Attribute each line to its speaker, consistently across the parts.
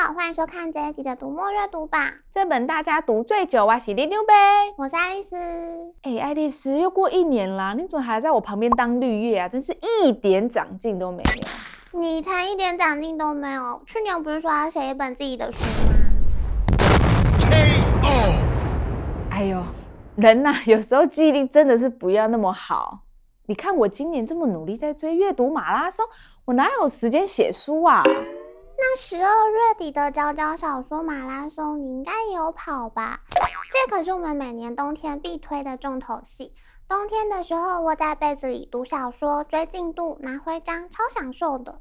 Speaker 1: 好，歡迎收看這一集的讀墨閱讀榜。這本大家讀最
Speaker 2: 久哇，我是里長伯。我是愛麗絲。哎，愛麗絲又過一年了，你怎麼還在我旁邊當綠葉啊？真是一點長進都沒有。
Speaker 1: 你才一點長進都沒有。去年不是說要寫一本自己的書
Speaker 2: 嗎？KO。哎呦，人吶，有時候記憶力真的是不要那麼好。你看我今年這麼努力在追閱讀馬拉松，我哪有時間寫書啊？
Speaker 1: 那十二月底的《嚼嚼小說馬拉松》，你應該也有跑吧？這可是我們每年冬天必推的重頭戲。冬天的時候，窩在被子裡讀小說、追進度、拿徽章，超享受的。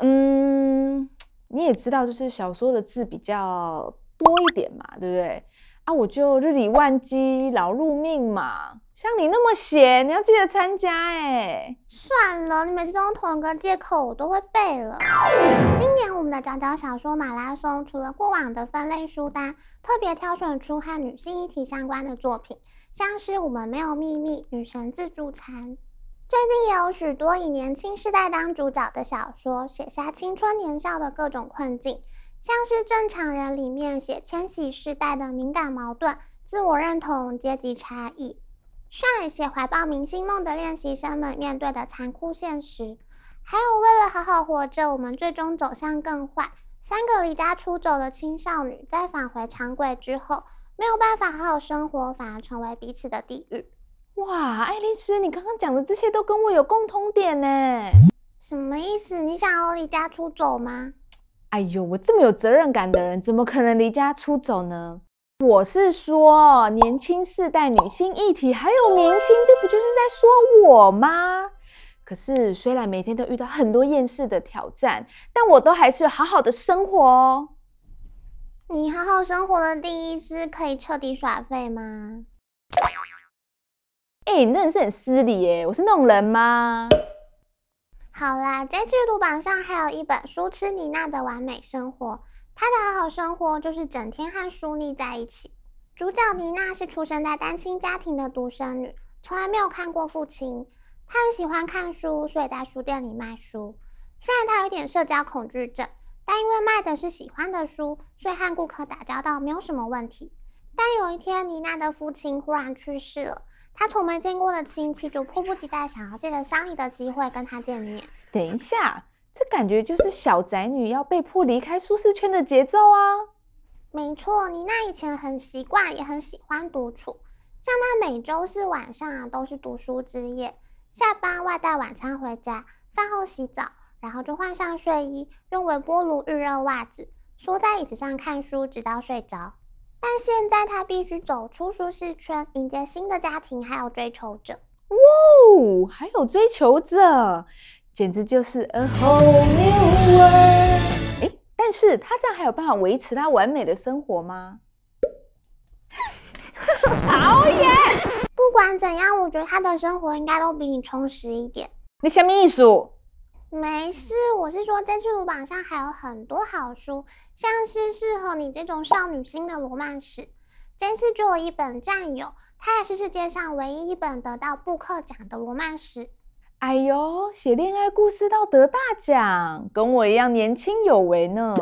Speaker 1: 嗯，
Speaker 2: 你也知道，就是小說的字比較多一點嘛，對不對？啊，我就日理萬機，勞碌命嘛。像你那麼閒，你要記得參加。誒，
Speaker 1: 算了，你每次都用同一個借口，我都會背了。今年我們的嚼嚼小說馬拉松，除了過往的分類書單，特別挑選出和女性議題相關的作品，像是《我們沒有祕密》《女神自助餐》。最近也有許多以年輕世代當主角的小說，寫下青春年少的各種困境，像是《正常人》裡面寫千禧世代的敏感矛盾、自我認同、階級差異。上一寫懷抱明星夢的練習生們面對的殘酷現實，還有為了好好活着，我們最終走向更壞。三個離家出走的青少女，在返回常軌之後，沒有辦法好好生活，反而成為彼此的地獄。哇，愛麗絲，你剛剛講的這些都跟我有共同點呢？什麼意思？你想要離家出走嗎？
Speaker 2: 哎呦，我這麼有責任感的人，怎麼可能離家出走呢？我是說，年輕世代女性議題還有明星，這不就是在說我嗎？可是雖然每天都遇到很多厭世的挑戰，但我都還是有好好的生活
Speaker 1: 哦。你好好生活的定義是可以徹底耍廢嗎？
Speaker 2: 哎、欸，你那也是很失禮耶，我是那種人嗎？
Speaker 1: 好啦，在閱讀榜上還有一本書《吃尼娜的完美生活》。他的好好生活就是整天和書膩在一起。主角妮娜是出生在單親家庭的獨生女，從來沒有看過父親。她很喜歡看書，所以在書店裡賣書。雖然她有點社交恐懼症，但因為賣的是喜歡的書，所以和顧客打交道沒有什麼問題。但有一天，妮娜的父親忽然去世了，她從沒見過的親戚就迫不及待想要借着喪禮的機會跟她見面。
Speaker 2: 等一下。這感覺就是小宅女要被
Speaker 1: 迫離開舒適圈的節奏啊！沒錯，妮娜以前很習慣，也很喜歡獨處，像她每周四晚上啊，都是讀書之夜，下班外帶晚餐回家，飯後洗澡，然後就換上睡衣，用微波爐預熱襪子，縮在椅子上看書，直到睡着。但現在她必須走出舒適圈，迎接新的家庭還有追求者。
Speaker 2: 哇哦，還有追求者！簡直就是 a whole new world。哎，但是他這樣還有辦法維持他完美的生活嗎？
Speaker 1: 討厭 耶不管怎樣，我覺得他的生活應該都比你充實一點。你什麼意思？沒事，我是說，這次爐榜上還有很多好書，像是適合你這種少女心的羅曼史。這次就有一本戰友，它也是世界上唯一一本得到布克獎的羅曼史。
Speaker 2: 哎呦，寫戀愛故事到得大獎，跟我一樣年輕有為呢。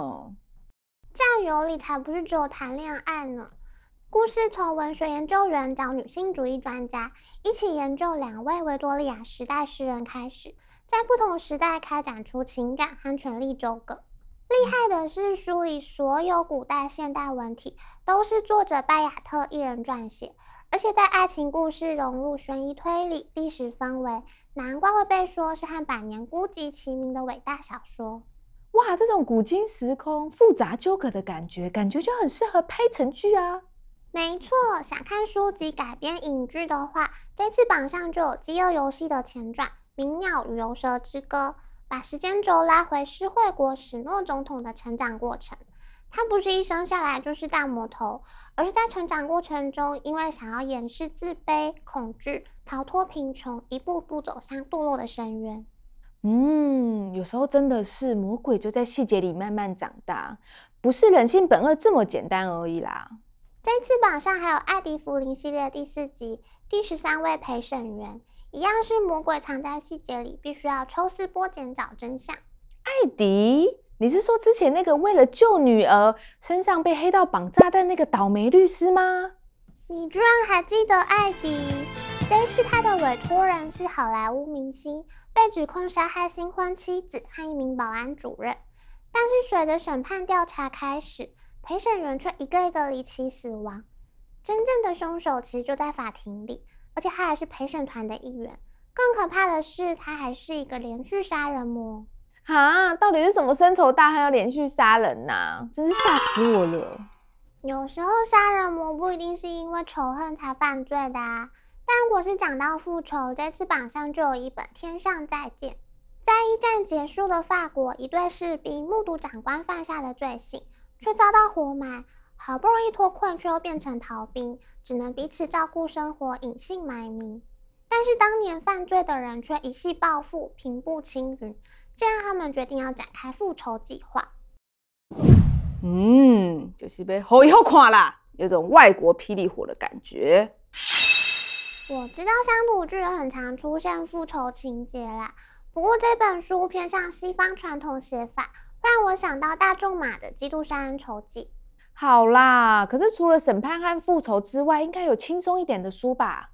Speaker 1: 這樣有理，才不是只有談戀愛呢。故事從文學研究員找女性主義專家一起研究兩位維多利亞時代詩人開始，在不同時代開展出情感和權力糾葛。厲害的是，書裡所有古代現代文體都是作者拜雅特一人撰寫。而且在愛情故事融入懸疑推理、歷史氛圍，難怪會被說是和《百年孤寂》齊名的偉大小說。哇，這種古今時空複雜糾葛的感覺，感覺就很適合拍成劇啊！沒錯，想看書籍改編影劇的話，這次榜上就有《飢餓遊戲》的前傳《鳴鳥與游蛇之歌》，把時間軸拉回施惠國史諾總統的成長過程。他不是一生下來就是大魔頭，而是在成長過程中，因為想要掩飾自卑、恐懼、逃脫貧窮，一步步走向墮落的深淵。
Speaker 2: 嗯，有時候真的是魔鬼就在細節裡慢慢長大，不是人性本惡這麼簡單而已啦。
Speaker 1: 這次榜上還有《艾迪·福林》系列的第四集第十三位陪審員，一樣是魔鬼藏在細節裡，必須要抽絲剝繭找真相。
Speaker 2: 艾迪。你是說之前那個為了救女兒身上被黑道綁炸彈那個倒霉律師嗎？
Speaker 1: 你居然還記得艾迪。這次他的委託人是好萊塢明星，被指控殺害新婚妻子和一名保安主任。但是隨着審判調查開始，陪審員卻一個一個離奇死亡。真正的兇手其實就在法庭裡，而且他還是陪審團的一員。更可怕的是，他還是一個連續殺人魔。哈，到底是什麼深仇大恨要連
Speaker 2: 續殺人吶、啊？真是嚇死我了！
Speaker 1: 有時候殺人魔不一定是因為仇恨才犯罪的、啊。但如果是講到復仇，這次榜上就有一本《天上再見》。在一戰結束的法國，一隊士兵目睹長官犯下的罪行，卻遭到活埋。好不容易脫困，卻又變成逃兵，只能彼此照顧生活，隱姓埋名。但是當年犯罪的人卻一夕暴富，平步青雲。這讓他們決定要展開復仇計劃。
Speaker 2: 嗯，就是被好一看啦，有種外國霹靂火的感覺。
Speaker 1: 我知道鄉土劇很常出現復仇情節啦，不過這本書偏向西方傳統寫法，讓我想到大仲馬的《基督山恩仇記》。
Speaker 2: 好啦，可是除了審判和復仇之外，應該有輕鬆一點的書吧？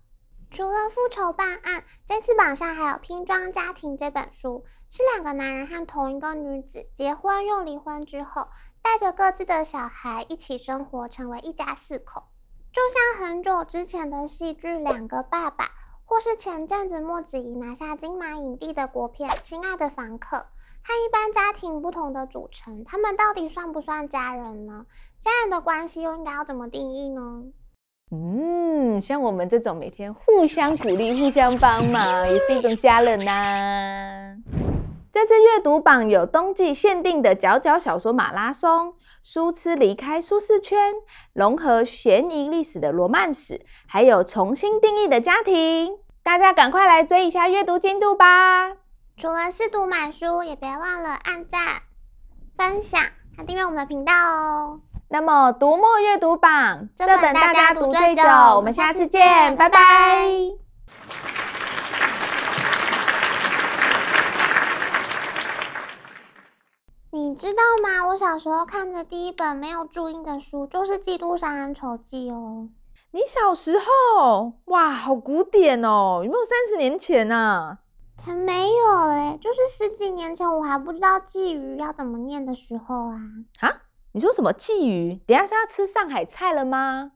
Speaker 1: 除了復仇辦案，這次榜上還有《拼裝家庭》這本書，是兩個男人和同一個女子結婚又離婚之後，帶着各自的小孩一起生活，成為一家四口。就像很久之前的戲劇《兩個爸爸》，或是前陣子莫子儀拿下金馬影帝的國片《親愛的房客》，和一般家庭不同的組成，他們到底算不算家人呢？家人的關係又應該要怎麼定義呢？
Speaker 2: 嗯，像我們這種每天互相鼓勵、互相幫忙，也是一種家人吶、啊。這次閱讀榜，有冬季限定的嚼嚼小說馬拉松、書痴離開舒適圈、融合懸疑歷史的羅曼史，還有重新定義的家庭，大家趕快來追一下閱讀進
Speaker 1: 度吧！除了試讀滿書，也別忘了按贊、分享和訂閱我們的頻道哦。
Speaker 2: 那麼，讀墨閱讀榜這本大家讀最久，這最久我們下次見，拜拜。
Speaker 1: 你知道嗎？我小時候看的第一本沒有注音的書，就是《基督山恩仇記》哦。
Speaker 2: 你小時候？哇，好古典哦！有沒有三十年前啊？
Speaker 1: 才沒有誒、欸、就是十幾年前，我還不知道“鯽魚”要怎麼念的時候啊！啊？
Speaker 2: 你說什麼鯽魚？等下是要吃上海菜了嗎？